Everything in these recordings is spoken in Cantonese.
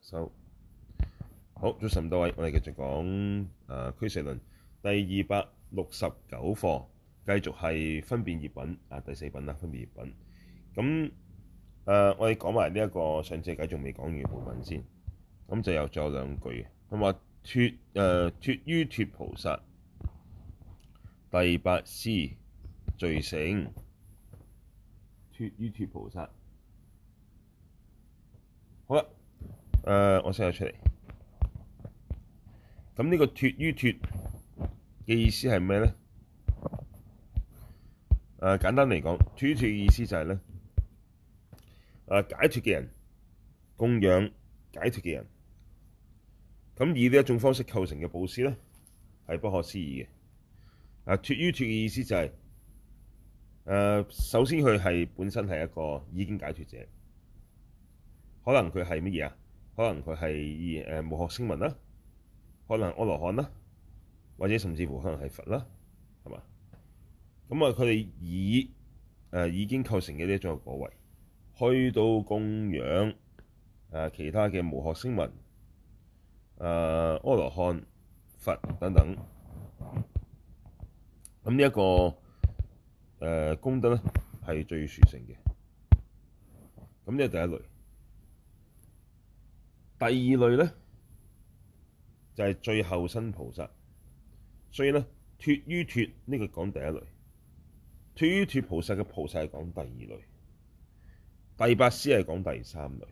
收好，早晨多位，我哋繼續講誒，俱舍論第二百六十九課，繼續係分別業品啊，第四品啦，分別業品。咁誒、呃，我哋講埋呢一個上次偈仲未講完部分先，咁就有咗兩句，咁話脫誒脫於脫菩薩第八施最勝，脫於脫菩薩，好啦。誒、呃，我先有出嚟。咁、這、呢個脫於脫嘅意思係咩咧？誒、呃，簡單嚟講，脫於脫嘅意思就係、是、咧，誒、呃，解脫嘅人供養解脫嘅人，咁以呢一種方式構成嘅布施咧，係不可思議嘅。啊，脫於脫嘅意思就係、是，誒、呃，首先佢係本身係一個已經解脫者，可能佢係乜嘢啊？可能佢係誒無學聲聞啦，可能係阿羅漢啦，或者甚至乎可能係佛啦，係嘛？咁啊，佢哋以誒已經構成嘅呢種果位，去到供養誒、呃、其他嘅無學聲聞、誒、呃、阿羅漢、佛等等，咁呢一個誒、呃、功德咧係最殊勝嘅。咁呢係第一類。第二類咧就係、是、最後身菩薩，所以咧脱於脱呢個講第一類，脱於脱菩薩嘅菩薩係講第二類，第八施係講第三類，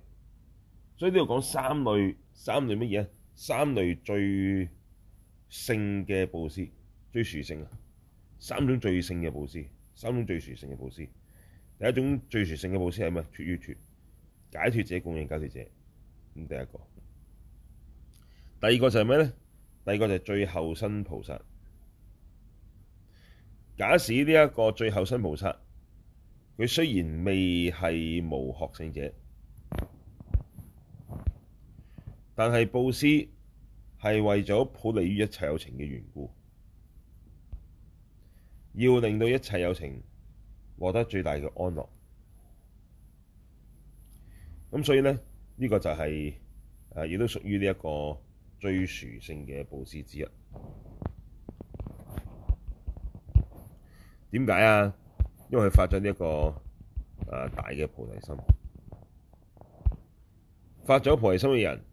所以呢度講三類，三類乜嘢？三類最勝嘅布施，最殊勝啊！三種最勝嘅布施，三種最殊勝嘅布施，第一種最殊勝嘅布施係咩？脱於脱，解脱者供養解脱者。咁第一個，第二個就係咩呢？第二個就係最後身菩薩。假使呢一個最後身菩薩，佢雖然未係無學聖者，但係布施係為咗普利於一切有情嘅緣故，要令到一切有情獲得最大嘅安樂。咁所以呢。呢、這個就係、是、亦、呃、都屬於呢一個最殊勝嘅布施之一。點解啊？因為佢發咗呢一個、呃、大嘅菩提心，發咗菩提心嘅人，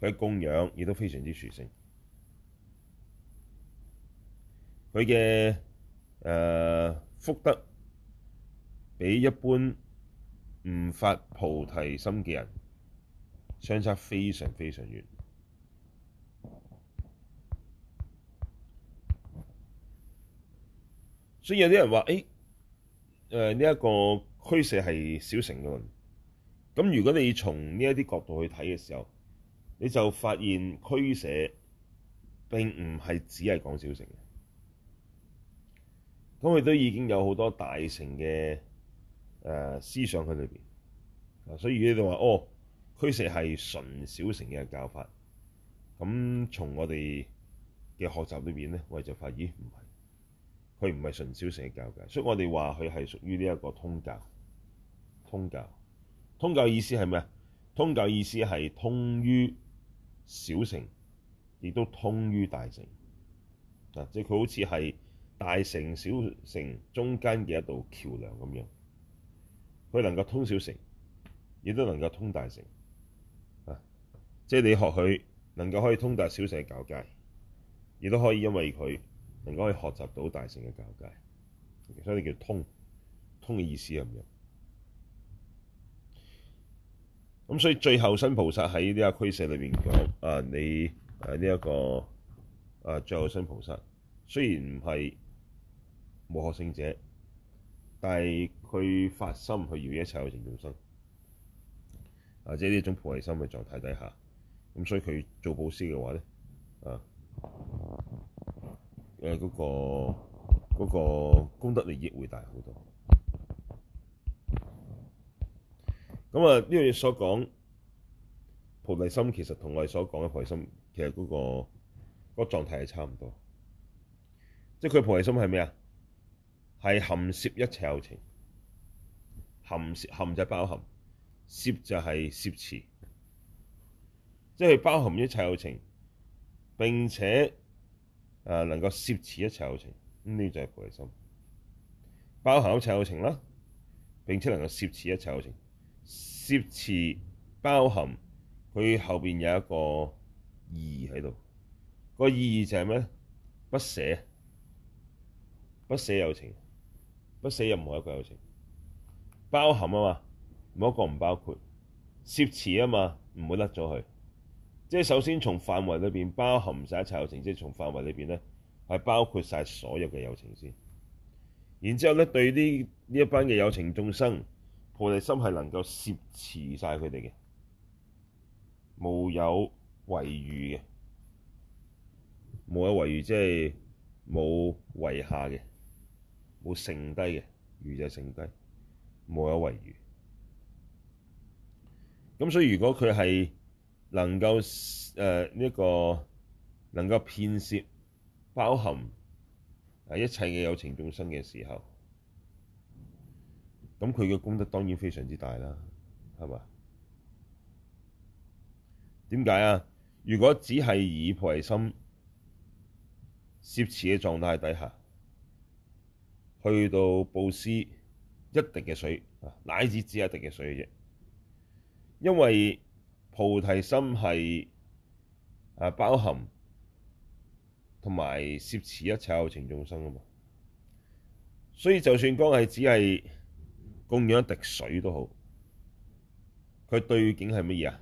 佢供養亦都非常之殊勝。佢嘅誒福德比一般唔發菩提心嘅人。相差非常非常遠，所以有啲人話，誒、欸，誒呢一個俱舍係小乘嘅。咁如果你從呢一啲角度去睇嘅時候，你就發現俱舍並唔係只係講小乘嘅，咁佢都已經有好多大乘嘅誒、呃、思想喺裏邊，所以你哋話，哦。俱舍係純小乘嘅教法。咁從我哋嘅學習裏面咧，我哋就發現，咦，唔係，佢唔係純小乘嘅教教。所以我哋話佢係屬於呢一個通教。通教，通教意思係咩啊？通教意思係通於小乘，亦都通於大乘。嗱，即係佢好似係大乘、小乘中間嘅一道橋梁咁樣，佢能夠通小乘，亦都能夠通大乘。即係你學佢，能夠可以通達小聖嘅教界，亦都可以因為佢能夠可以學習到大聖嘅教界，所以叫通，通嘅意思係咁樣。咁所以最後身菩薩喺呢個俱舍裏邊講，啊你誒，呢一個啊最後身菩薩雖然唔係無學聖者，但係佢發心去饒一切有情眾生，啊即係呢一種菩提心嘅狀態底下。咁所以佢做布施嘅話咧，啊，誒、嗰、嗰個、嗰個功德利益會大好多咁。咁、呢、啊、個，呢樣嘢所講菩提心其實同我哋所講嘅菩提心，其實嗰、嗰個嗰、嗰個狀態係差唔多，即係佢係咩？即係佢菩提心係咩啊？係含攝一切有情，含含就係包含，攝就係攝持。即係包含一切有情，並且啊能夠攝持一切有情呢，就係菩提心。包含一切有情啦，並且能夠攝持一切有情。攝持包含佢後邊有一個意義喺度，個意義就係咩咧？不捨，不捨有情，不捨任何一個有情，包含啊嘛，冇一個唔包括，攝持啊嘛，唔會甩咗佢。即係首先從範圍裏面，包含唔曬一切有情，即係從範圍裏面呢，咧係包括曬所有嘅有情先然。然之後咧，對呢呢一班嘅有情眾生，菩提心係能夠攝持曬佢哋嘅，冇有遺餘嘅，冇有遺餘即係冇遺下嘅，冇剩低嘅，餘就剩低，冇有遺餘。咁所以如果佢係能夠誒呢個能夠遍攝包含一切嘅有情眾生嘅時候，咁佢嘅功德當然非常之大啦，係嘛？點解啊？如果只係以菩提心攝持嘅狀態底下，去到布施一滴嘅水，乃至只係一滴嘅水嘅啫，因為。菩提心係包含同埋攝持一切有情眾生噶嘛，所以就算光係只係供養一滴水都好，佢對境係乜嘢啊？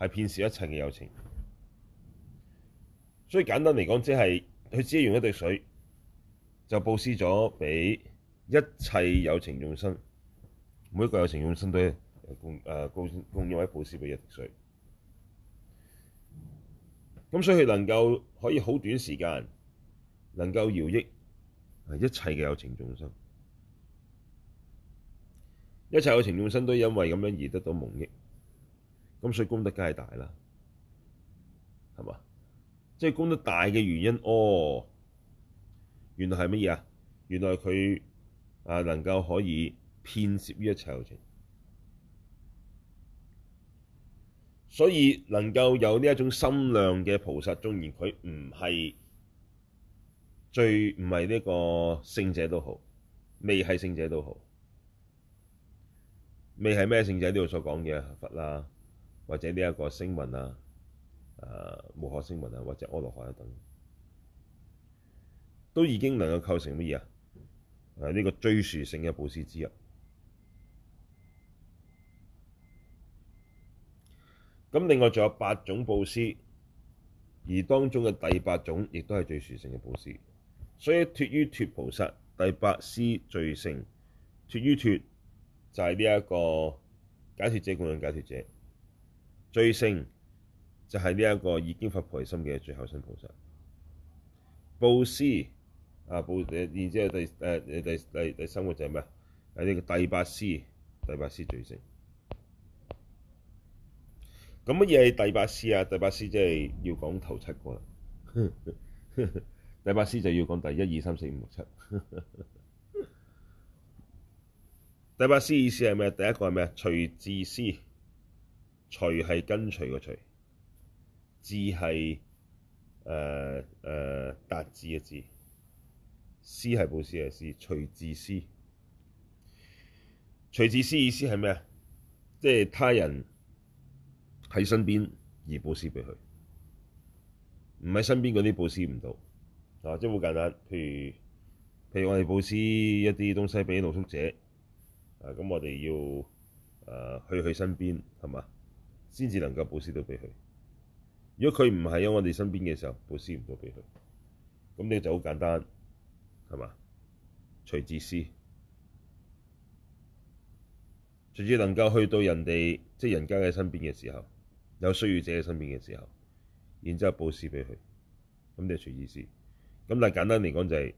係遍攝一切嘅有情，所以簡單嚟講，即係佢只用一滴水就布施咗畀一切有情眾生，每一個有情眾生都。供誒供供養或者布施俾一滴水，咁所以佢能夠可以好短時間能夠饒益一切嘅有情眾生，一切有情眾生都因為咁樣而得到蒙益，咁所以功德梗係大啦，係嘛？即係功德大嘅原因，哦，原來係乜嘢啊？原來佢啊能夠可以遍攝於一切有情。所以能夠有呢一種心量嘅菩薩，縱然佢唔係最唔係呢個聖者都好，未係聖者都好，未係咩聖者，呢度所講嘅佛啦，或者呢一個聲聞啊、誒無學聲聞啊，或者阿羅漢等，都已經能夠構成乜嘢啊？誒、這、呢個最殊勝嘅布施之一。咁另外仲有八種布施，而當中嘅第八種亦都係最殊勝嘅布施。所以脫於脫菩薩，第八施最勝。脫於脫就係呢一個解脫者，供養解脫者。最勝就係呢一個已經發菩提心嘅最後身菩薩。布施啊布，然之後第誒誒第第第三個就係咩啊？有啲嘅第八施，第八施最勝。咁乜嘢係第八施啊？第八施即係要講頭七個啦。第八施就要講第一、二、三、四、五、六、七。第八施意思係咩？第一個係咩啊？隨至施，隨係跟隨個隨，至係誒誒達至嘅至，施係布施嘅施。隨至施，隨至施意思係咩啊？即係他人，喺身邊而佈施俾佢，唔喺身邊嗰啲佈施唔到，啊，即係好簡單。譬如譬如我哋佈施一啲東西俾露宿者，啊，咁我哋要啊去佢身邊係嘛？先至能夠佈施到俾佢。如果佢唔係喺我哋身邊嘅時候，佈施唔到俾佢，咁呢就好簡單，係嘛？隨至施，隨住能夠去到人哋即係人家嘅身邊嘅時候。有需要者喺身邊嘅時候，然之後佈施俾佢，咁就隨至施。咁但係簡單嚟講就係、是，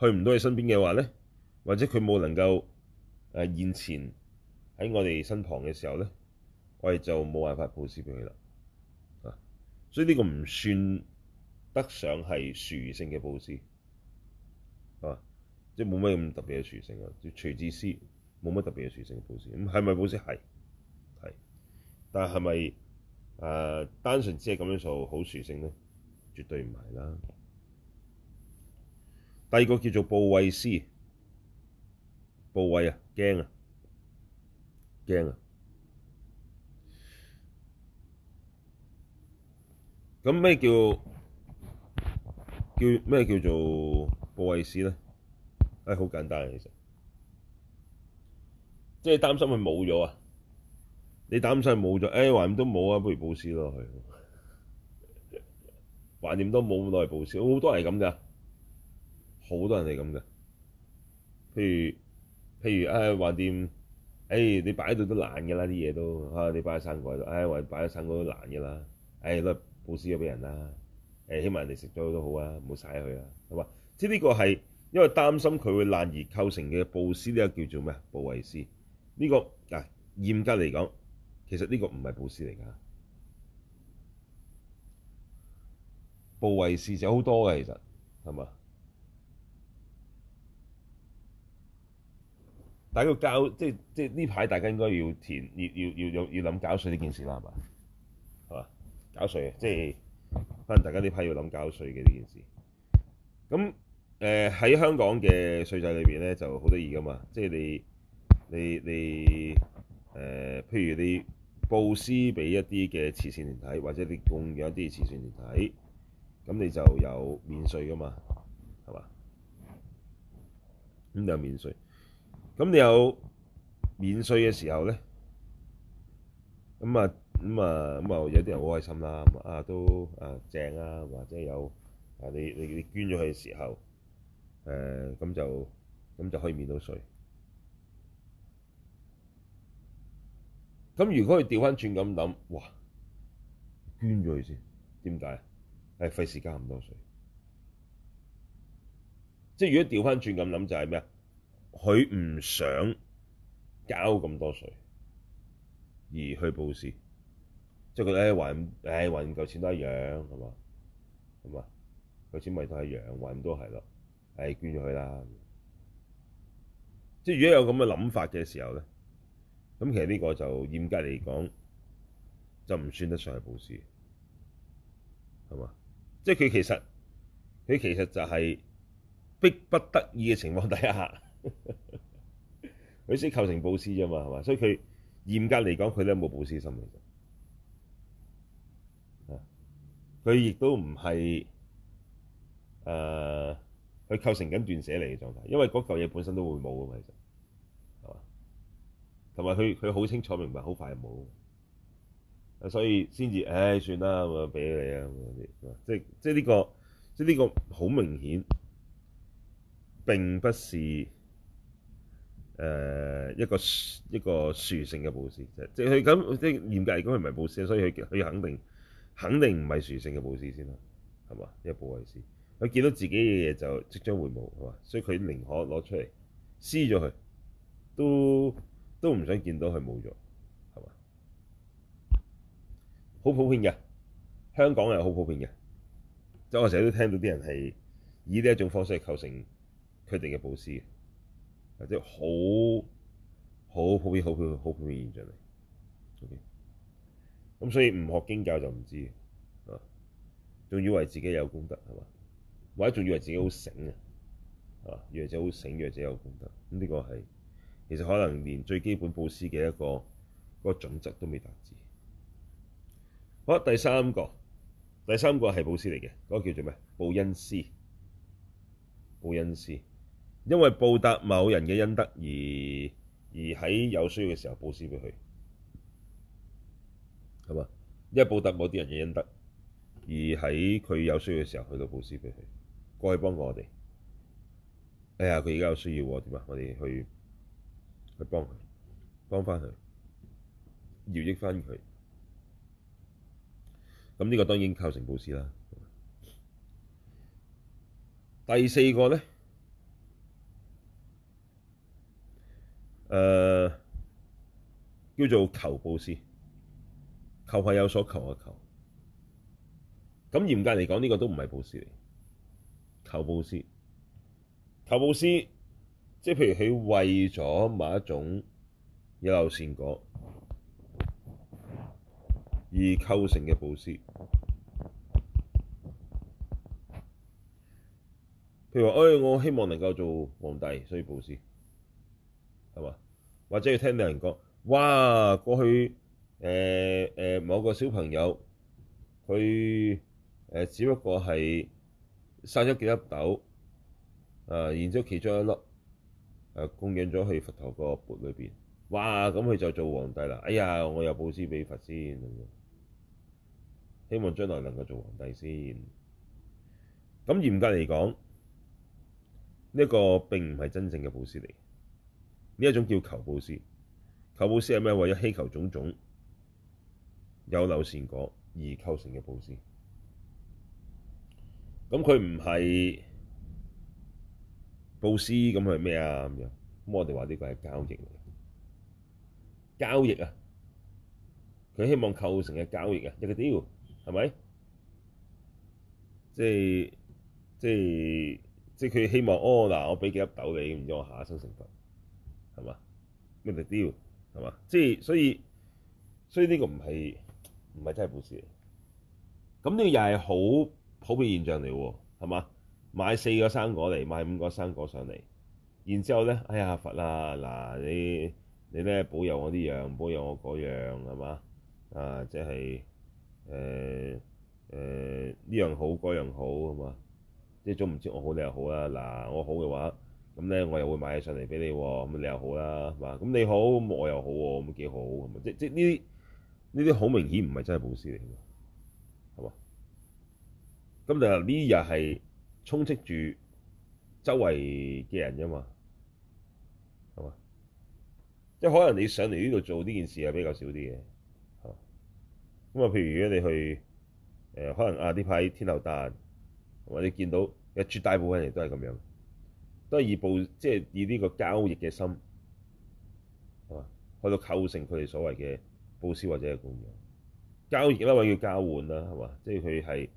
去唔到你身邊嘅話咧，或者佢冇能夠誒、呃、現前喺我哋身旁嘅時候咧，我哋就冇辦法佈施俾佢啦。啊，所以呢個唔算得上係殊勝嘅佈施，係、啊、嘛？即係冇乜咁特別嘅殊勝啊，隨至施冇乜特別嘅殊勝嘅佈施。咁係咪佈施？係。但係咪誒單純只係咁樣做好殊勝呢？絕對唔係啦。第二個叫做怖畏施，怖畏啊，驚啊，驚啊。咁咩叫叫咩叫做怖畏施咧？誒、哎，好簡單嘅其實，即係擔心佢冇咗啊！你膽細冇咗，誒橫掂都冇啊，不如布施咯佢。橫掂都冇，攞嚟布施，好多係咁噶，好多人係咁噶。譬如譬如啊，橫掂，誒你擺喺度都爛噶啦啲嘢都嚇，你擺喺生果度，唉還擺喺生果都爛噶啦，唉攞布施咗俾人啦，誒起碼人哋食咗都好啊，唔好嘥佢啊，係嘛？即係呢個係因為擔心佢會爛而構成嘅布施，呢、這個叫做咩怖畏施。呢、這個啊嚴格嚟講。其實呢個唔係布施嚟噶，怖畏施就好多嘅，其實係嘛？但係佢交即係即係呢排大家應該要填要要要有要諗搞稅呢件事啦，係嘛？係嘛？搞稅即係可能大家呢排要諗搞稅嘅呢件事。咁喺、呃、香港嘅稅制裏面咧，就好得意噶嘛，即係你你你、呃、譬如你。佈施俾一啲嘅慈善團體，或者你供養一啲慈善團體，咁你就有免稅噶嘛，係嘛？咁就免稅。咁你有免稅嘅時候咧，咁啊咁啊咁啊有啲人好開心啦，咁啊都啊正啊，或者有啊你你你捐咗佢嘅時候，誒、呃、咁就咁就可以免到稅。咁如果佢調翻轉咁諗，哇！捐咗佢先，點解啊？係費時交咁多稅，即係如果調翻轉咁諗就係咩啊？佢唔想交咁多稅而去佈施，即係佢咧運，誒、哎、運、哎、錢都一樣，係嘛？咁嘛佢錢咪都係一樣運都係咯，係、哎、捐咗佢啦。即係如果有咁嘅諗法嘅時候咧。咁其實呢個就嚴格嚟講，就唔算得上係佈施，係嘛？即係佢其實佢其實就係逼不得已嘅情況底下，佢先構成佈施啫嘛，係嘛？所以佢嚴格嚟講，佢咧冇佈施心其實，佢亦都唔係誒，佢、呃、構成緊斷捨離嘅狀態，因為嗰嚿嘢本身都會冇嘅嘛，其實。同埋佢佢好清楚明白，好快冇，所以先至唉，算啦，咁啊，俾你啊嗰啲，即即呢、這個即呢個好明顯並不是誒、呃、一個一個殊勝嘅布施，即即佢咁即嚴格嚟講，佢唔係布施，所以佢佢肯定肯定唔係殊勝嘅布施先啦，係嘛？因為怖畏施佢見到自己嘅嘢就即將會冇，係嘛？所以佢寧可攞出嚟撕咗佢都。都唔想見到佢冇咗，係嘛？好普遍嘅，香港係好普遍嘅。即係我成日都聽到啲人係以呢一種方式嚟構成佢哋嘅佈施嘅，或者好好普遍、好普遍、好普遍現象嚟。O.K. 咁所以唔學經教就唔知啊，仲以為自己有功德係嘛？或者仲以為自己好醒啊？啊，以為自己好醒，以為自己有功德，咁呢個係。其實可能連最基本布施嘅一個嗰個準則都未達至。好，第三個第三個係布施嚟嘅，嗰個叫做咩？報恩施、報恩施，因為報答某人嘅恩德而而喺有需要嘅時候布施俾佢，係嘛？因為報答某啲人嘅恩德，而喺佢有需要嘅時候去到布施俾佢，過去幫過我哋。哎呀，佢而家有需要點啊？我哋去。去幫佢，幫返佢，回憶返佢。咁呢個當然構成布施啦。第四個呢，呃、叫做求報施，求係有所求嘅求。咁嚴格嚟講，呢、呢個都唔係布施嚟。求報施，求報施。即係譬如佢為咗某一種有漏善果而構成嘅佈施，譬如話：，誒、哎，我希望能夠做皇帝，所以佈施，係嘛？或者要聽啲人講：，哇，過去誒誒、呃呃、某個小朋友，佢誒、呃、只不過係生咗幾粒豆，呃、然之後其中一粒，供養咗去佛陀個缽裏邊，哇！咁佢就做皇帝啦。哎呀，我有布施畀佛先，希望將來能夠做皇帝先。咁嚴格嚟講，呢個並唔係真正嘅布施嚟，呢一種叫求報施。求報施係咩？為咗希求種種有漏善果而構成嘅布施。咁佢唔係。布施咁係咩啊？咁咁我哋話呢個係交易嚟嘅交易啊！佢希望構成嘅交易呀、啊。一個 deal 係咪？即係即係即係佢希望哦嗱，我俾幾粒豆你，咁我下一生成佛係嘛？咩叫 deal 係嘛？即係所以所以呢個唔係唔係真係布施，咁呢個又係好普遍現象嚟喎，係嘛？買四個生果嚟，買五個生果上嚟，然之後咧，哎呀佛啦！嗱你你咧保佑我呢樣，保佑我嗰樣係嘛啊？即係誒誒呢樣好，嗰樣好係嘛？即係總唔知我好你又好啦嗱。我好嘅話，咁咧我又會買嘢上嚟俾你喎。咁你又好啦係嘛？咁你好我又好喎，咁幾好係嘛？即即呢啲呢啲好明顯唔係真係佈施嚟㗎，係嘛？咁就呢日係，充斥住周圍嘅人啫嘛，係嘛？即係可能你上嚟呢度做呢件事係比較少啲嘅，咁啊，譬如如果你去誒、呃，可能啊呢排天后誕，或者見到嘅絕大部分人都係咁樣，都係以報即係以呢個交易嘅心，係嘛，去到構成佢哋所謂嘅報銷或者咁樣交易啦，或叫交換啦，係嘛？即係佢係。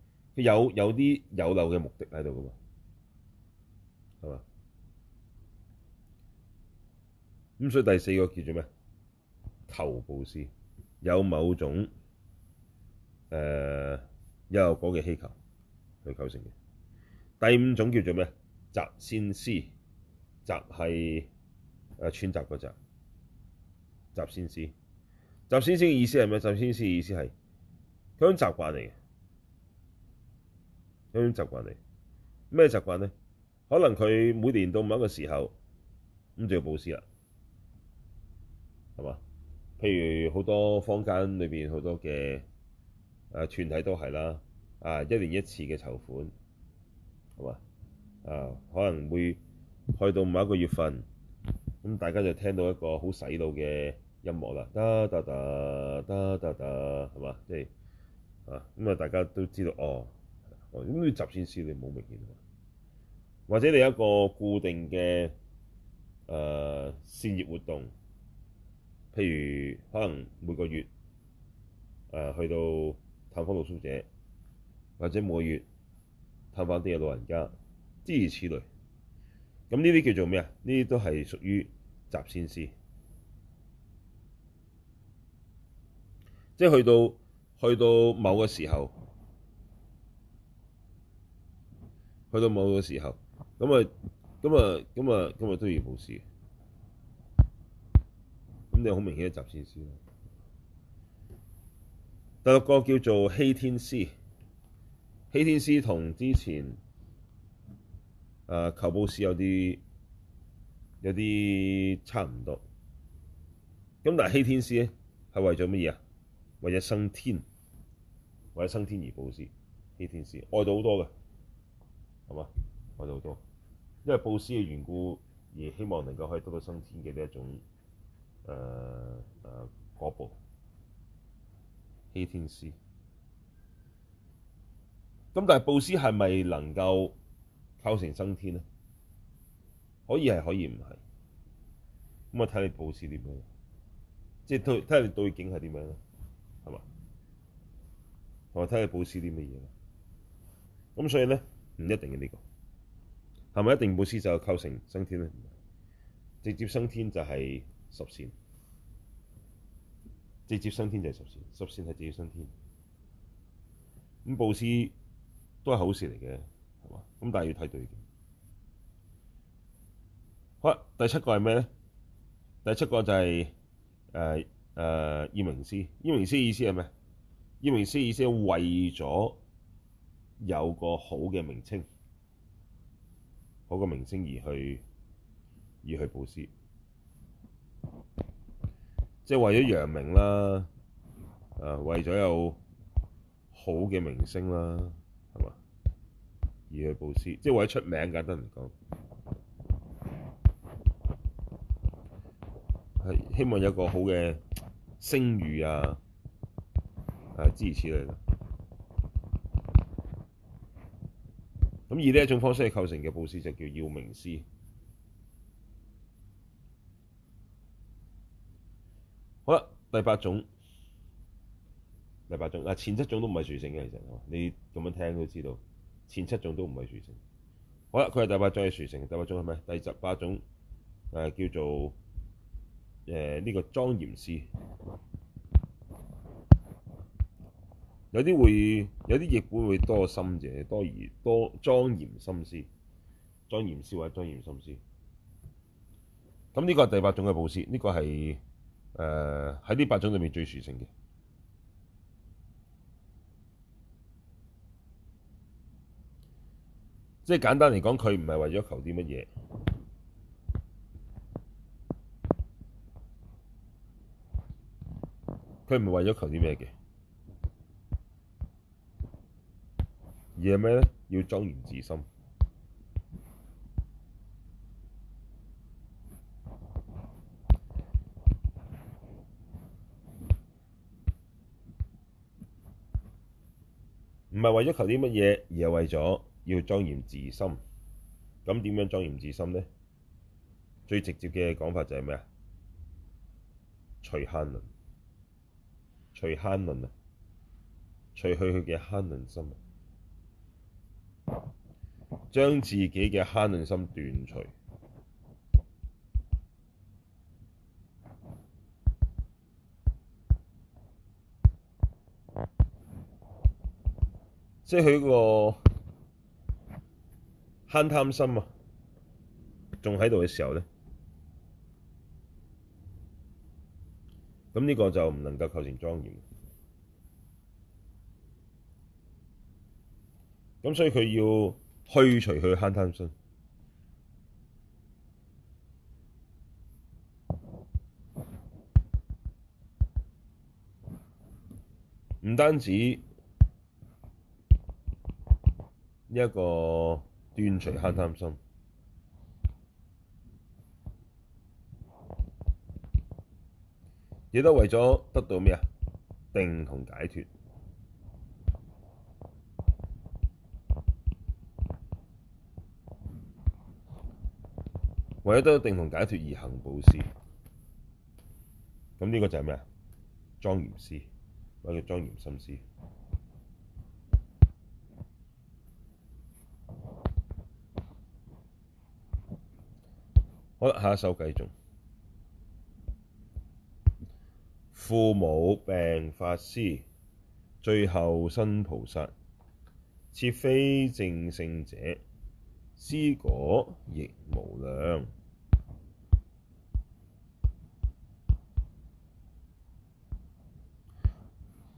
有有啲有漏嘅目的喺度嘅嘛，係嘛？咁所以第四個叫做咩？求報施，有某種誒，有漏、呃、果嘅希求去構成嘅。第五種叫做咩？習先施，習係誒、呃、串習嗰習。習先施，習先施嘅意思係咩？習先施嘅意思係佢種習慣嚟嘅。有啲習慣嚟，咩習慣咧？可能佢每年到某一個時候咁就要布施啦，係嘛？譬如好多坊間裏邊好多嘅誒，團體，啊，都係啦，啊，一年一次嘅籌款，係嘛？啊，可能會去到某一個月份，咁大家就聽到一個好洗腦嘅音樂啦，噠噠噠噠噠噠，係嘛？即、就、係、是、啊，咁啊，大家都知道哦。咁啲習先施，你冇明顯，或者你有一個固定嘅誒、呃、善業活動，譬如可能每個月誒、呃、去到探訪露宿者，或者每個月探訪啲嘅老人家，諸如此類。咁呢啲叫做咩啊？呢啲都係屬於習先施，即係去到去到某個時候，去到某個時候，咁啊，咁啊，咁啊，今日都要布施。咁你好明顯習先施咯。第六個叫做希天施，希天施同之前啊、呃、求報施有啲有啲差唔多。咁但係希天施咧係為咗乜嘢啊？為咗生天，為咗生天而布施。希天施愛到好多嘅。係嘛？我哋好多，因為布施嘅緣故而希望能夠可以得到生天嘅呢一種誒誒果報。希、呃呃、天施，咁但係布施係咪能夠構成生天咧？可以係，可以唔係？咁我睇你布施點樣，即係對睇你對境係點樣咯，係嘛？同埋睇你布施啲乜嘢，咁所以咧。唔一定嘅呢，這個，係咪一定布施就構成升天咧？直接升天就係十善，直接升天就係十善，十善係直接升天。咁布施都係好事嚟嘅，係嘛？咁但係要睇對嘅。好啦，第七個係咩咧？第七個就係誒誒，要名施。要名施意思係咩？要名施意思係為咗。有個好嘅名稱，好嘅名聲而去，而去布施，即係為咗揚名啦，誒，為咗有好嘅名聲啦，係嘛？而去布施，即係為咗出名嘅都唔夠，係希望有個好嘅聲譽啊，誒，支持你啦。咁以呢一種方式去構成嘅布施就叫要名施。好啦，第八種，第八種啊，前七種都唔係殊勝嘅，其實你咁樣聽都知道，前七種都唔係殊勝好了。好啦，佢係第八種係殊勝。第八種係咩？第十八種誒叫做誒呢、呃這個莊嚴施。有啲會，有啲亦會多心者，多而多莊嚴心思，莊嚴思或莊嚴心思。咁呢個係第八種嘅佈施，呢、呢個係誒喺呢八種裡面最殊勝嘅。即係簡單嚟講，佢唔係為咗求啲乜嘢，佢唔係為咗求啲咩嘅。有咩咧？要莊嚴自心，唔係為咗求啲乜嘢，而係為咗要莊嚴自心。咁點樣莊嚴自心咧？最直接嘅講法就係咩啊？除慳吝，除慳吝啊，除去佢嘅慳吝心將自己嘅慳吝心斷除，即係佢個慳貪心啊，仲喺度嘅時候咧，咁、這、呢個就唔能夠構成莊嚴。咁所以佢要。去除佢慳貪心，唔單止呢一個斷除慳貪心，亦都為咗得到咩啊？定同解脫。為咗得到定同解脫而行布施，咁呢個就係咩啊？莊嚴施，或者莊嚴心施。好，下一首繼續。父母病法師，最後身菩薩，設非證聖者，施果亦無量。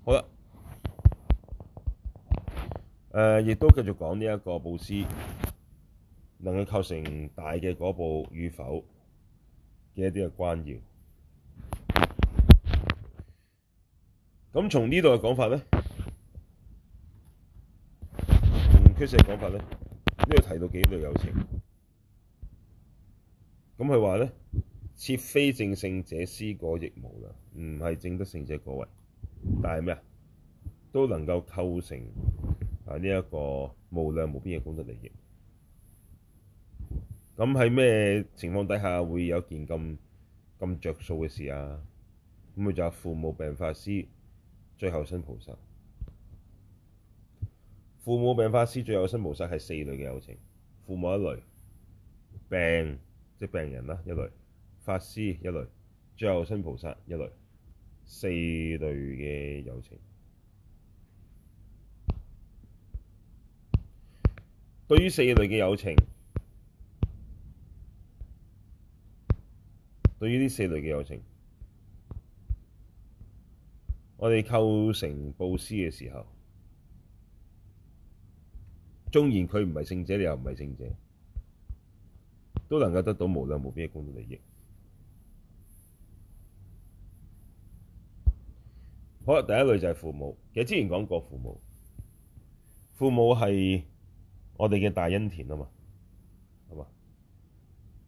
好啦，誒、呃，亦都繼續講呢一個佈施，能夠構成大嘅果報與否嘅一啲嘅關要。咁從呢度嘅講法咧，從《俱舍》嘅講法咧，都要提到幾類有情。咁佢話咧：設非證聖者，施果亦無量，唔係證得聖者果位。但係咩啊？都能夠構成啊呢一個無量無邊嘅功德利益。咁喺咩情況底下會有件咁咁着數嘅事啊？咁佢就係父母病法師，最後身菩薩。父母病法師，最後身菩薩係四類嘅有情。父母一類，病，病即係就是病人啦一類，法師一類，最後身菩薩一類，四類嘅有情，對於四類嘅有情，對於呢四類嘅有情，我哋構成布施嘅時候，縱然佢唔係聖者，你又唔係聖者，都能夠得到無量無邊嘅功德利益。好，第一類就係父母。其實之前講過，父母，父母係我哋嘅大恩田啊嘛，係嘛，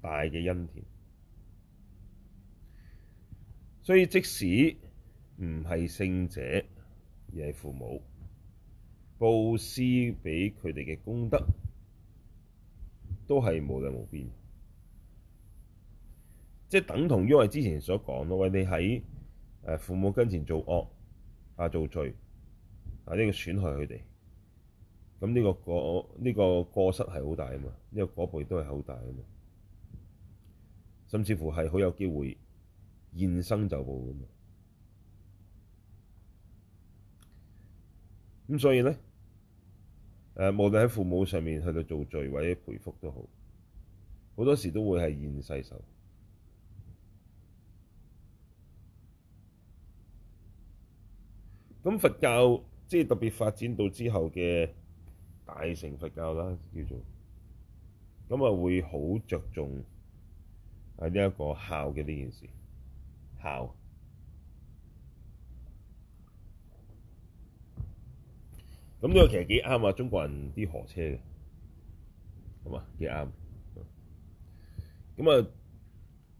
大嘅恩田。所以即使唔係聖者，而係父母，布施畀佢哋嘅功德，都係無量無邊。即係等同於我哋之前所講咯，喂，你喺誒父母跟前做惡。啊！造罪啊！呢、這個損害佢哋，咁、這、呢個過呢、這個過失係好大啊嘛，呢、這個果報亦都係好大啊嘛，甚至乎係好有機會現生就報咁啊！咁所以咧，誒無論喺父母上面去到造罪或者培福都好，好多時都會係現世受。咁佛教即係特別發展到之後嘅大乘佛教啦，叫做咁啊，就會好着重啊呢一個孝嘅呢件事，孝。咁呢個其實幾啱啊，中國人啲河車嘅，係嘛幾啱。咁啊，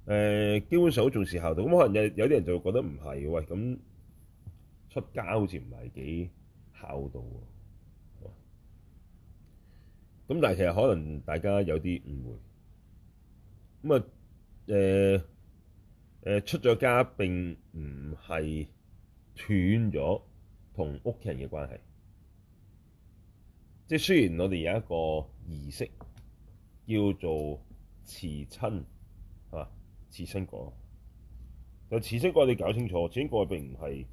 呃，基本上好重視孝道，咁可能有有啲人就會覺得唔係喎，喂咁。出家好似唔係幾孝道喎，咁但係其實可能大家有啲誤會咁啊。誒誒，出咗家並唔係斷咗同屋企人嘅關係，即係雖然我哋有一個儀式叫做辭親，係嘛辭親過，但係辭親過你搞清楚，辭親過並唔係。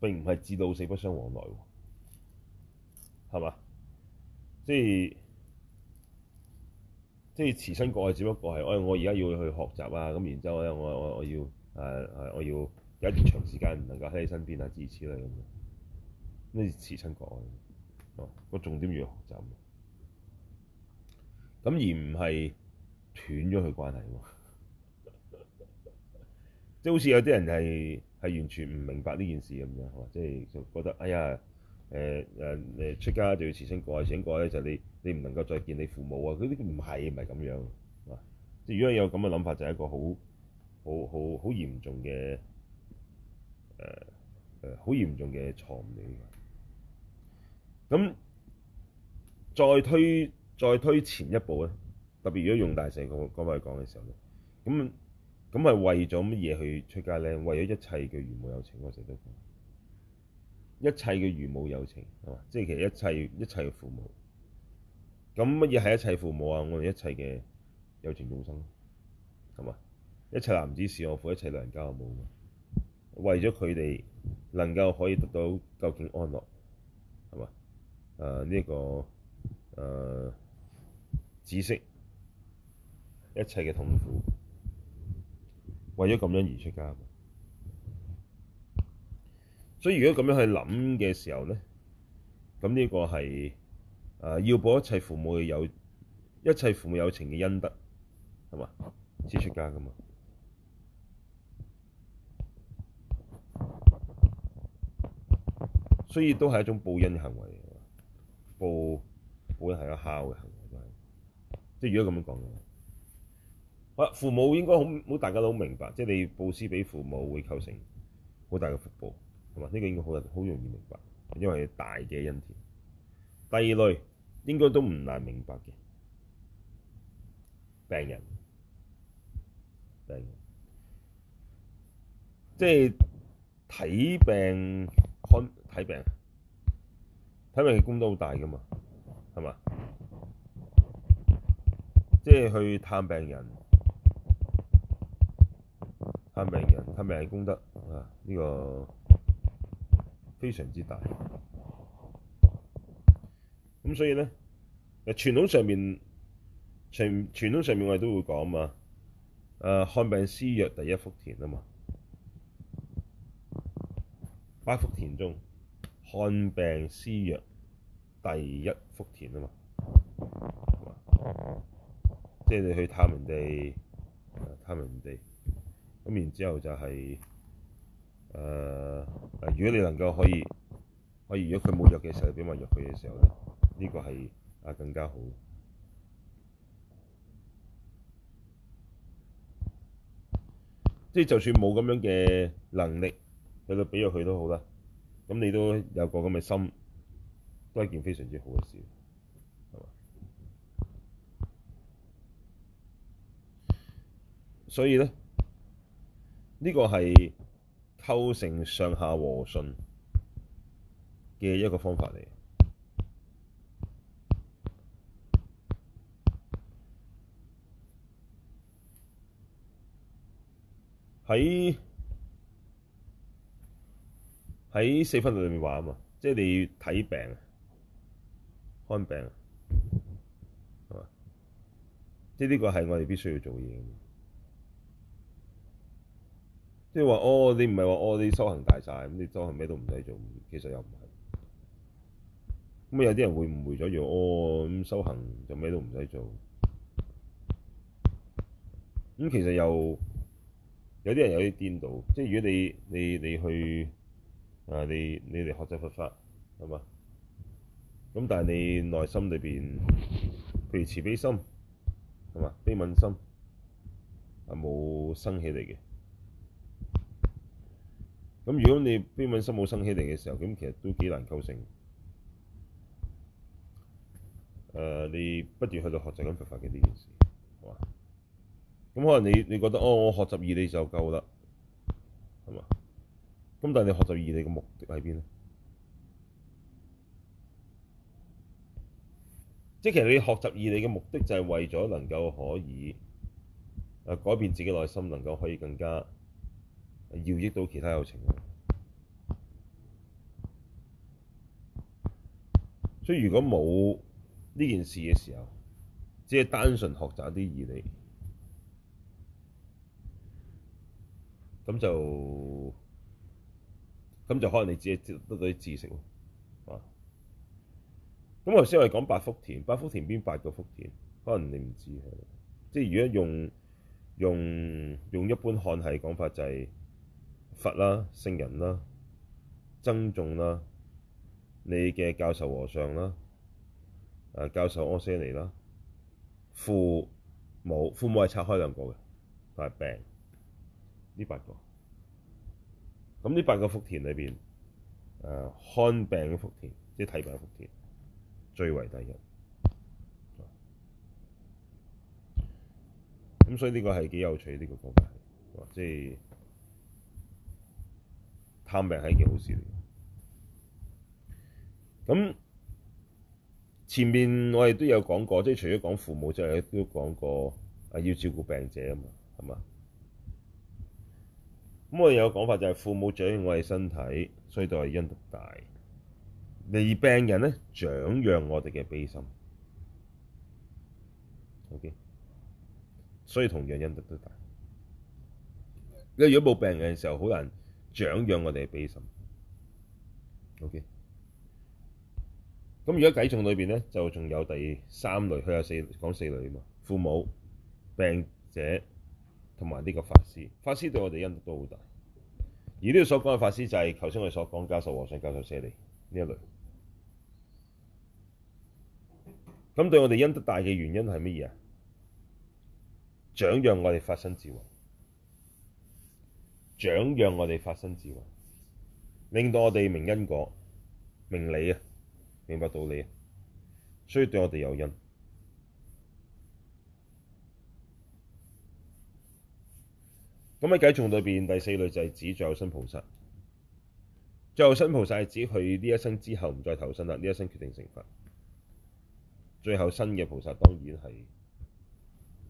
並唔係至到死不相往來喎，係嘛？即係即係辭親割愛，就是、國是只不過係、哎、我我而家要去學習啊，咁然之後咧，我我我要誒誒、啊，我要有一段長時間唔能夠喺你身邊啊，支持啦咁，咩辭親割愛，哦、啊，個重點要學習、啊，咁而唔係斷咗佢關係喎、啊，即、就是、好似有啲人係。係完全唔明白呢件事咁樣，即係就是、覺得哎呀，誒誒誒出家就要辭親過去，辭親過咧就你你唔能夠再見你父母啊！嗰啲唔係唔係咁樣。即係如果有咁嘅諗法，就係、是、一個好、好、好、好嚴重嘅誒誒好嚴重嘅錯誤嚟嘅。咁再推再推前一步咧，特別如果用大乘個講法嚟講嘅時候咧，咁。咁係為咗乜嘢去出家咧？為咗一切嘅如母有情，我成日都講一切嘅如母有情係嘛？即係其實一切一切嘅父母。咁乜嘢係一切父母啊？我哋一切嘅有情眾生係嘛？一切男子是我父，一切女人家我母。為咗佢哋能夠可以得到究竟安樂，係嘛？誒、呃、呢、這個誒、呃、知識，一切嘅痛苦。為咗咁樣而出家，所以如果咁樣去諗嘅時候咧，咁呢個係、呃、要報一切父母嘅有一切父母有情嘅恩德，係嘛，先出家噶嘛，所以都係一種報恩嘅行為嚟，報報恩係一個孝嘅行為，即係如果咁樣講嘅。父母應該好，大家都好明白，即係你布施畀父母會構成好大嘅福報，係嘛？呢個應該好，好容易明白，因為是大嘅恩田。第二類應該都唔難明白嘅，病人，病人，即係睇病看睇病，睇病嘅功德好大噶嘛，係嘛？即係去探病人。探病人，探病係功德啊！呢、這個非常之大。咁所以咧，誒，傳統上面傳傳統上面我哋都會講嘛，誒、啊，看病施藥第一福田啊嘛，八福田中看病施藥第一福田啊嘛，啊即係你去探人哋，探人哋。咁然之後就係誒，如果你能夠可以，可以，我如果佢冇藥嘅時候，你俾埋藥佢嘅時候咧，呢個係啊更加好。即係就算冇咁樣嘅能力去到俾藥佢都好啦，咁你都有個咁嘅心，都係一件非常之好嘅事，係嘛？所以咧。呢個係構成上下和順嘅一個方法嚟。喺喺四分律裡面話啊嘛，即係你要睇病、看病，係嘛？即係呢個係我哋必須要做嘅嘢。即係話，哦，你唔係話，哦，你修行大晒，咁你修行咩都唔使做，其實又唔係。咁有啲人會誤會咗，以為哦，咁修行就咩都唔使做。咁其實又，有啲人有啲顛倒，即係如果你你你去，啊，你你哋學習佛法，係嘛？咁但係你內心裏邊，譬如慈悲心，係嘛？悲憫心，係冇生起嚟嘅。咁如果你悲憫心冇生起嚟嘅時候，咁其實都幾難構成。誒、呃，你不斷去到學習緊佛法嘅呢件事，係嘛？咁、嗯、可能你你覺得哦，我學習義理就夠啦，係嘛？咁但係你學習義理嘅目的喺邊咧？即係其實你學習義理嘅目的就係為咗能夠可以誒改變自己內心，能夠可以更加。要益到其他有情。所以如果冇呢件事嘅時候，只係單純學習啲義理，咁就咁就可能你只係得到啲知識咯。啊，咁頭先我哋講八福田，八福田邊八個福田？可能你唔知嘅，即係如果用用用一般漢系講法，就係，就係。佛啦、聖人啦、僧眾啦、你嘅教授和尚啦、誒、啊、教授阿闍梨啦、父母，父母係拆開兩個嘅，但係、啊、病呢八個，咁呢八個福田裏邊，誒、啊、看病嘅福田、即係睇病嘅福田最為第一，咁、啊、所以呢個係幾有趣呢、呢個國家、啊，即係。探病係一件好事嚟嘅，咁前面我哋都有講過，即係除咗講父母之外，亦都講過，啊要照顧病者啊嘛，係嘛？咁我哋有講法就係、是、父母長養我哋身體，所以都係恩德大；而病人咧，長養我哋嘅悲心。O、okay? K，所以同樣恩德都大。因為如果冇病人嘅時候，好難。獎養我哋嘅悲心。O K。咁如果偈眾裏邊咧，就仲有第三類，佢有四講四類啊嘛。父母、病者同埋呢個法師，法師對我哋恩德都好大。而呢度所講嘅法師就係頭先我哋所講教授和尚、教授舍利呢一類。咁對我哋恩德大嘅原因係乜嘢啊？獎養我哋法身智慧。長讓我哋發生智慧，令到我哋明因果、明理啊，明白道理啊，所以對我哋有恩。咁喺偈數裏邊，第四類就係指最後身菩薩，最後身菩薩指佢呢一生之後唔再投生啦，呢一生決定成佛。最後身嘅菩薩當然係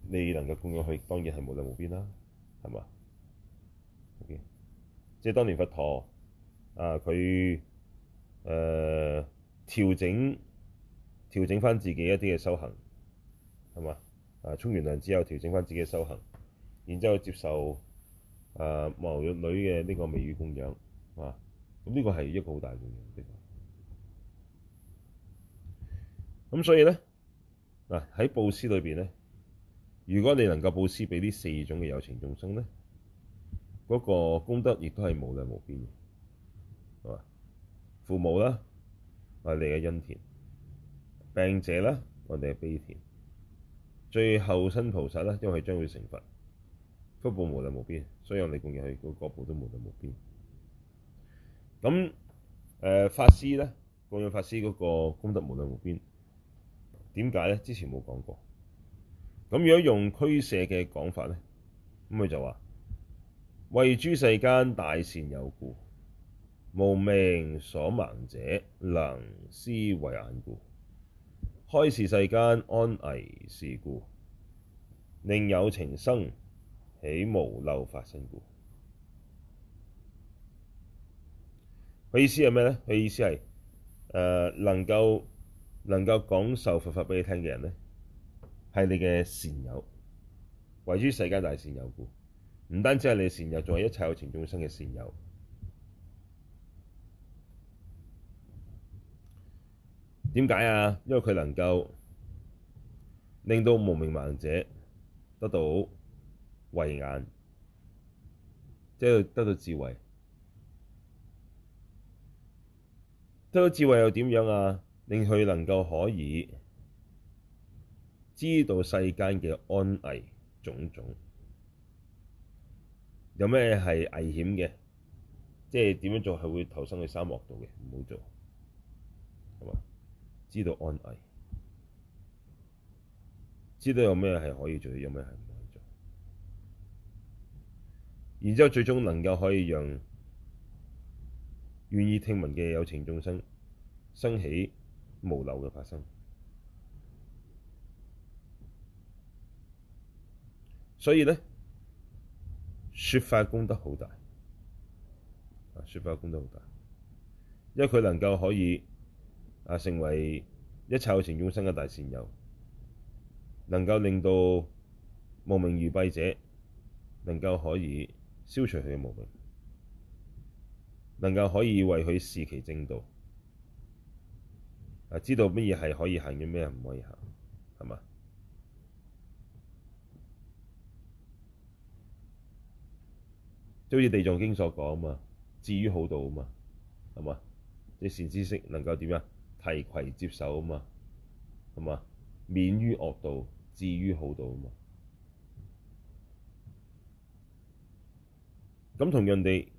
你能夠供養佢，當然係無量無邊啦，係嘛？Okay. 即係當年佛陀啊，佢誒調整調整翻自己一啲嘅修行，係嘛啊，沖完涼之後調整翻自己嘅修行，然之後接受啊毛玉女嘅呢個微雨供養，係嘛，咁呢個係一個好大嘅功德。咁所以咧喺、啊、布施裏邊咧，如果你能夠布施俾呢四種嘅有情眾生咧。嗰、那個功德亦都係無量無邊嘅，係嘛？父母啦，我哋嘅恩田；病者啦，我哋嘅悲田；最後身菩薩啦，因為將會成佛，福報無量無邊，所以我哋供養佢嗰個果報都無量無邊。咁、呃、誒，法師咧，供養法師嗰個功德無量無邊，點解咧？之前冇講過。咁如果用俱舍嘅講法咧，咁佢就話。為諸世間大善友故，無明所盲者能施慧眼故，開示世間安危事故，令有情生起無漏法身故。佢意思係咩咧？佢意思係誒、呃，能夠能夠講授佛法俾你聽嘅人咧，係你嘅善友，為諸世間大善友故。唔單止係你善友，仲係一切有情眾生嘅善友。點解啊？因為佢能夠令到無明盲者得到慧眼，即係得到智慧。得到智慧又點樣啊？令佢能夠可以知道世間嘅安危種種。有咩係危險嘅？即係點樣做係會投生去三惡道嘅？唔好做，係嘛？知道安危，知道有咩係可以做，有咩係唔可以做。然之後最終能夠可以讓願意聽聞嘅有情眾生生起無漏嘅法身。所以咧。説法功德好大，啊，説法功德好大，因為佢能夠可以啊成為一切有情眾生嘅大善友，能夠令到無明愚蔽者能夠可以消除佢嘅無明，能夠可以為佢示其正道，知道乜嘢係可以行嘅，咩唔可以行，係嘛？就好似地藏經所講啊嘛，至於好道啊嘛，係嘛？即善知識能夠點啊？提攜接手啊嘛，係嘛？免於惡道，至於好道啊嘛。咁同樣地，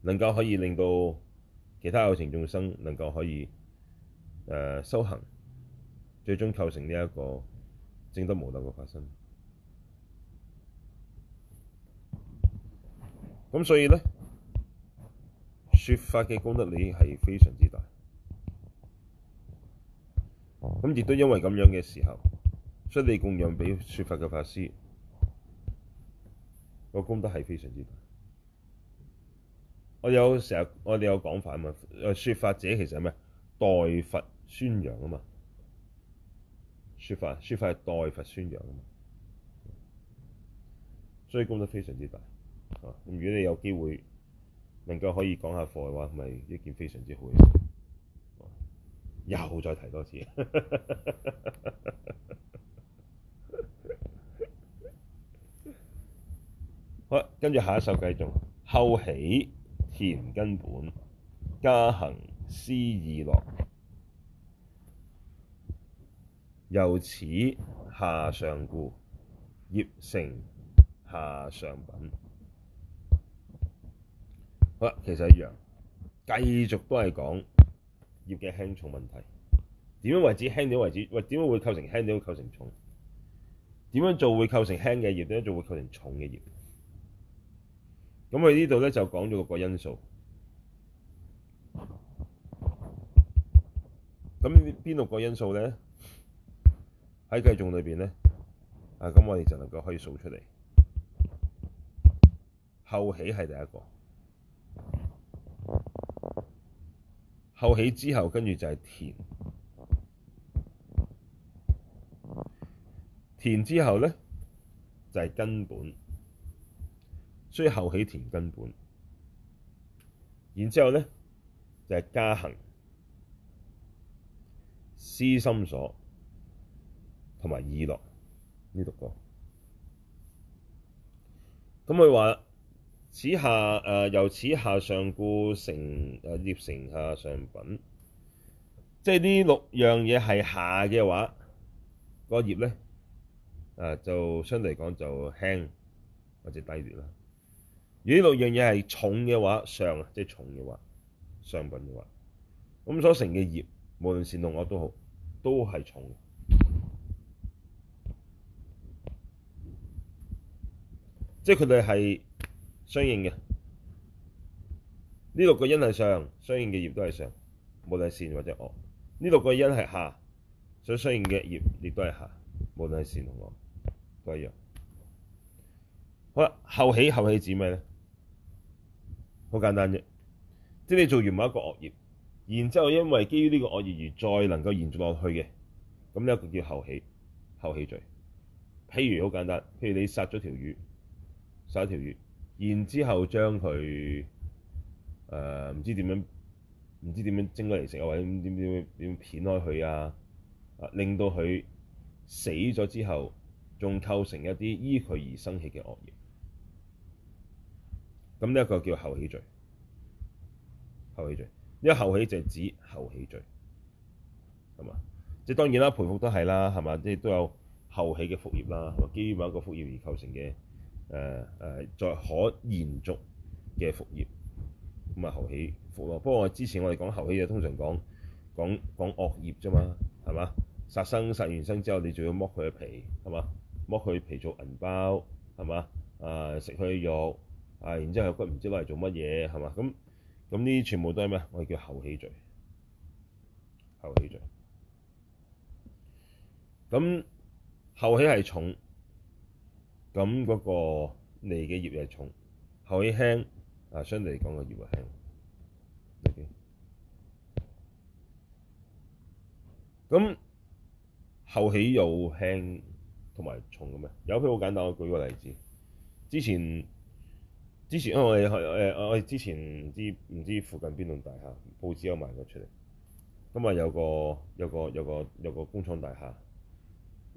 能夠可以令到其他有情眾生能夠可以誒、呃、修行，最終構成呢一個證得無漏嘅法身。咁所以咧，說法嘅功德力係非常之大。咁亦都因為咁樣嘅時候，所以你供養俾說法嘅法師，個功德係非常之大。我有成日，我哋有講法嘛？誒，說法者其實係咩？代佛宣揚啊嘛。說法，說法係代佛宣揚啊嘛。所以功德非常之大。啊！如果你有機會能夠可以講一下課嘅話，咪一件非常之好嘅事。又再提多次。 好，跟住下一首繼續。後起田根本，加行思意樂，由此下上故，業成下上品。好啦，其實一樣，繼續都係講業嘅輕重問題。點樣為止輕點為止？喂，點樣會構成輕點會構成重？點樣做會構成輕嘅業？點樣做會構成重嘅業？咁我呢度咧就講咗六個因素。咁邊六個因素咧？喺計重裏邊咧，啊，咁我哋就能夠可以數出嚟。後起係第一個。後起之後，跟住就係田，田之後呢，就係、是、根本，所以後起田根本，然之後咧就係、是、加行、思心所同埋意樂，六個呢讀過，咁佢話。此下誒、呃、由此下上故成誒業、啊、成下上品，即係呢六樣嘢係下嘅話，個業咧誒就相對嚟講就輕或者低劣啦。而呢六樣嘢係重嘅話，上啊，即係重嘅話，上品嘅話，咁所成嘅業，無論善同惡都好，都係重嘅，即係佢哋係。相應嘅呢六個因係上，相應嘅業都係上，無論係善或者惡。呢六個因係下，所相應嘅業亦都係下，無論係善同惡都一樣。好啦，後起，後起指咩咧？好簡單啫，即係你做完某一個惡業，然之後因為基於呢個惡業而再能夠延續落去嘅，咁呢一個叫後起，後起罪。譬如好簡單，譬如你殺咗條魚，殺咗條魚。然之後將佢誒唔知點樣，唔知點樣蒸佢嚟食啊，或者點點點點片開佢啊，啊令到佢死咗之後，仲構成一啲依佢而生起嘅惡業。咁呢一個叫後起罪，後起罪，因為後起就係指後起罪，係嘛？即係當然啦，培福都係啦，係嘛？即係都有後起嘅福業啦，係嘛？基於某一個福業而構成嘅。誒、呃、誒，再可延續嘅福業，咁啊後起福咯。不過之前我哋講後起就通常講講講惡業啫嘛，係嘛？殺生殺完生之後，你仲要剝佢皮，係嘛？剝佢皮做銀包，係嘛？啊、呃，食佢肉，啊，然之後骨唔知攞嚟做乜嘢，係嘛？咁咁呢啲全部都係咩？我哋叫後起罪，後起罪。咁後起係重，咁、那、嗰個你嘅業係重，後起輕啊，相對嚟講個業又輕。o 咁後起又輕同埋重嘅咩？有佢好簡單，我舉個例子。之前之前，因、啊、為我、啊、我係之前唔知唔知附近邊棟大廈報紙有賣過出嚟。咁啊有個有個有個有個，有個工廠大廈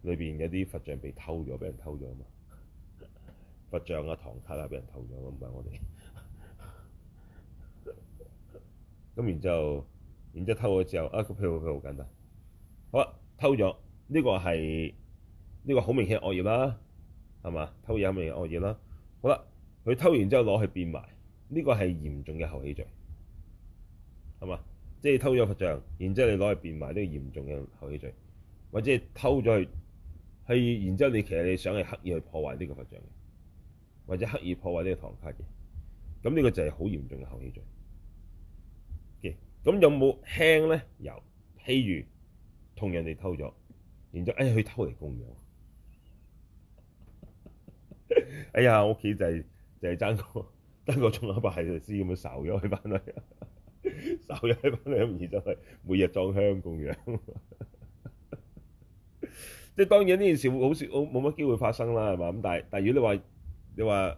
裏邊有啲佛像被偷咗，俾人偷咗啊嘛～佛像啊，唐卡啊，俾人偷咗咁唔係我哋。 咁然之後，然之後偷咗之後啊，個佢好簡單啊。好啦，偷咗呢個係呢個好明顯嘅惡業啦，係嘛？偷嘢係咪惡業啦？好啦，佢偷完之後攞去變埋，呢個係嚴重嘅後起罪，係嘛？即係偷咗佛像，然之後你攞去變埋，呢個嚴重嘅後起罪，或者係偷咗去，係然之後你其實你想係刻意去破壞呢個佛像或者刻意破壞呢個堂卡嘅，咁呢個就係好嚴重嘅後起罪。嘅、okay，咁有冇輕咧？由譬如同人哋偷咗，然之後哎呀去偷嚟供養。 哎呀，我屋企就係、是、就係、是、爭個爭個中間白髮師咁樣受咗佢翻嚟，受咗佢翻嚟咁而就係每日裝香供養。 即係當然呢件事會好少，冇乜機會發生啦，係嘛？咁但係但係如果你話，你話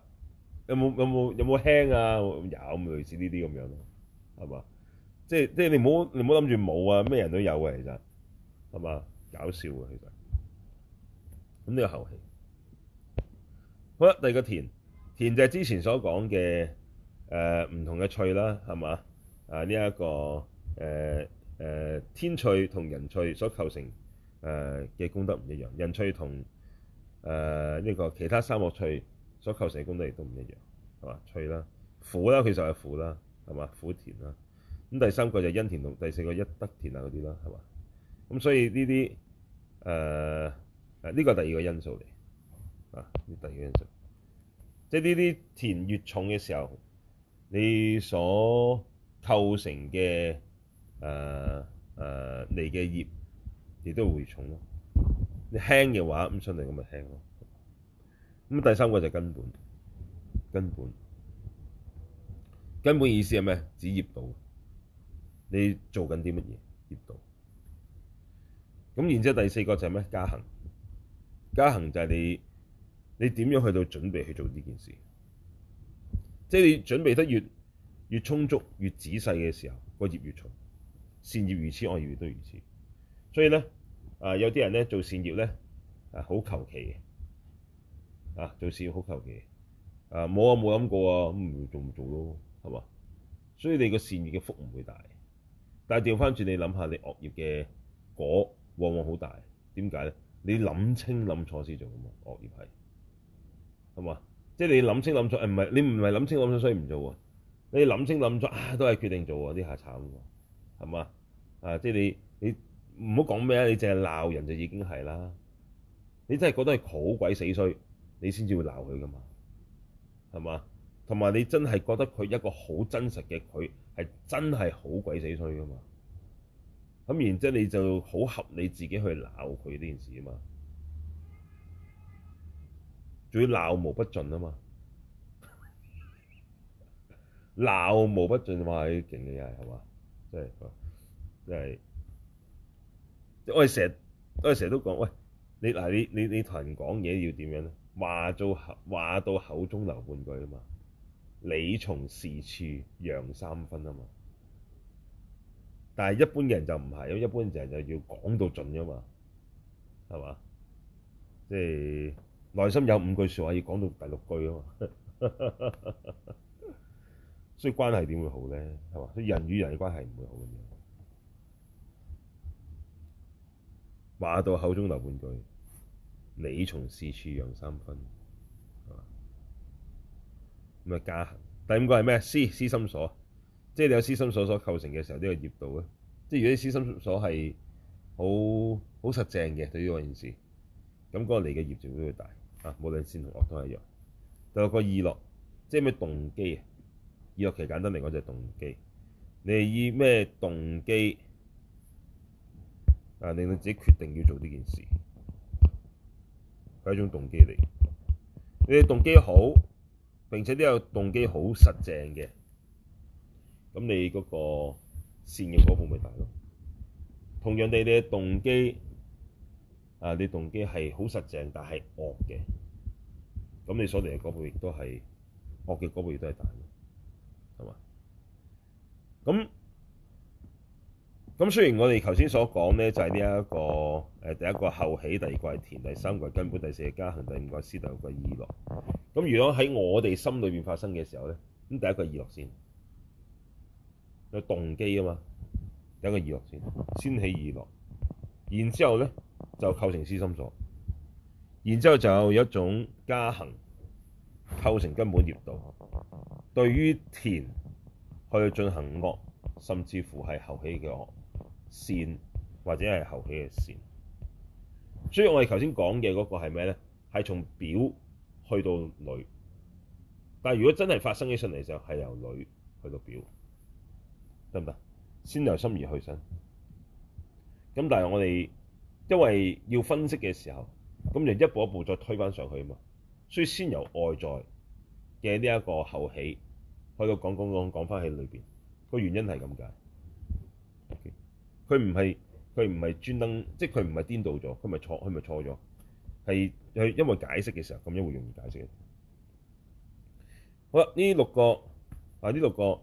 有冇有冇有冇輕啊？有咁類似呢啲咁樣咯，係嘛？即係即係你唔好你唔好諗住冇啊！咩人都有嘅、啊、其實係嘛，搞笑嘅。其實咁呢個後起好啦。第二個田田，就係之前所講嘅誒唔同嘅趣啦，係嘛，啊呢一、這個誒誒、呃呃、天趣同人趣所構成誒嘅功德唔一樣，人趣同誒呢個其他三惡趣。所構成嘅功能亦都唔一樣，係嘛？趣啦、苦啦，其實係苦啦，係嘛？苦田啦，咁第三個就恩田同第四個一德田啊嗰啲啦，係嘛？咁所以呢啲誒誒呢個第二個因素嚟，啊，呢第二個因素，即係呢啲田越重嘅時候，你所構成嘅誒誒嚟嘅業亦都會越重咯。你輕嘅話，咁相對咁咪輕咯。咁第三個就是根本，根本，根本意思係咩？指業道，你做緊啲乜嘢業道？咁然之後第四個就係咩？加行，加行就係你，你點樣去到準備去做呢件事？即係你準備得越越充足，越仔細嘅時候，個業越重，善業如此，惡業亦都如此。所以咧，啊有啲人咧做善業咧，啊好求其嘅。啊！做善好求其啊！冇啊，冇諗過啊，咁、嗯、唔做唔做咯、啊，係嘛？所以你個善業嘅福唔會大，但係調翻轉你諗下，你惡業嘅果往往好大。點解咧？你諗清諗楚先做咁、啊、嘛？惡業係係嘛？即係你諗清諗楚，唔、啊、係你唔係諗清諗楚，所以唔做啊。你諗清諗楚啊，都係決定做啊，呢下慘喎、啊，係嘛？啊！即係你你唔好講咩啊，你淨係鬧人就已經係啦。你真係覺得係好鬼死衰。你先至會鬧佢㗎嘛，係嘛？同埋你真係覺得佢一個好真實嘅，佢係真係好鬼死衰㗎嘛？咁然之後你就好合理自己去鬧佢呢件事啊嘛，仲要鬧無不盡啊嘛，鬧無不盡話你勁嘅嘢係嘛？即係即係我哋成我哋成日都講喂，你嗱你你你同人講嘢要點樣咧？話做口話到口中留半句啊嘛，理從是處讓三分啊嘛，但係一般嘅人就唔係，因為一般嘅人就要講到盡啊嘛，係嘛？即係內心有五句說話要講到第六句啊嘛， 所以關係點會好咧？係嘛？所以人與人嘅關係唔會好嘅，話到口中留半句。你從事處讓三分，咁、嗯、啊、嗯？加行第五個係咩？思思心所，即係你有思心所所構成嘅時候，呢、這個業道，咧，即係如果啲思心所係好好實正嘅對於嗰件事，咁、那、嗰個你嘅業就會大啊。無論善同惡都係一樣。第六個意樂，即係咩動機啊？意樂其實簡單嚟講就係動機，你以咩動機啊、嗯？令你自己決定要做呢件事。係一種動機嚟，你嘅動機好，並且都有動機好實正嘅，咁你嗰個善嘅嗰部咪大咯。同樣地，你嘅動機啊，你動機係好實正，但係惡嘅，咁你所嚟嘅嗰部亦都係惡嘅嗰部亦都係大咯，係嘛？咁。咁雖然我哋頭先所講咧，就係呢一個第一個後起，第二個係田，第三個係根本，第四個加行，第五個係思，第六個係意樂。咁如果喺我哋心裏面發生嘅時候咧，咁第一個意樂先有動機啊嘛，第一個意樂先先起意樂，然之後咧就構成思心所，然之後就有一種加行構成根本業道。對於田去進行惡，甚至乎係後起嘅惡。線或者係後起嘅線，所以我哋頭先講嘅嗰個係咩咧？係從表去到裏，但係如果真係發生起上嚟嘅時候，係、就是、由裏去到表，得唔得？先由心而去身，咁但係我哋因為要分析嘅時候，咁就一步一步再推返上去啊嘛，所以先由外在嘅呢一個後起，去到講講講講返喺裏邊，個原因係咁解。佢唔係佢唔係專登，即係佢唔係顛倒咗，佢咪錯佢咪錯咗。係係因為解釋嘅時候咁樣會容易解釋。嘅好啦，呢六個啊呢六個誒，呢、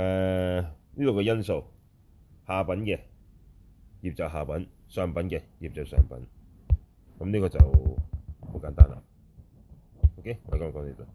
呃、六個因素下品嘅業就下品，上品嘅業就上品，咁呢個就好簡單啦。OK，我講講呢度。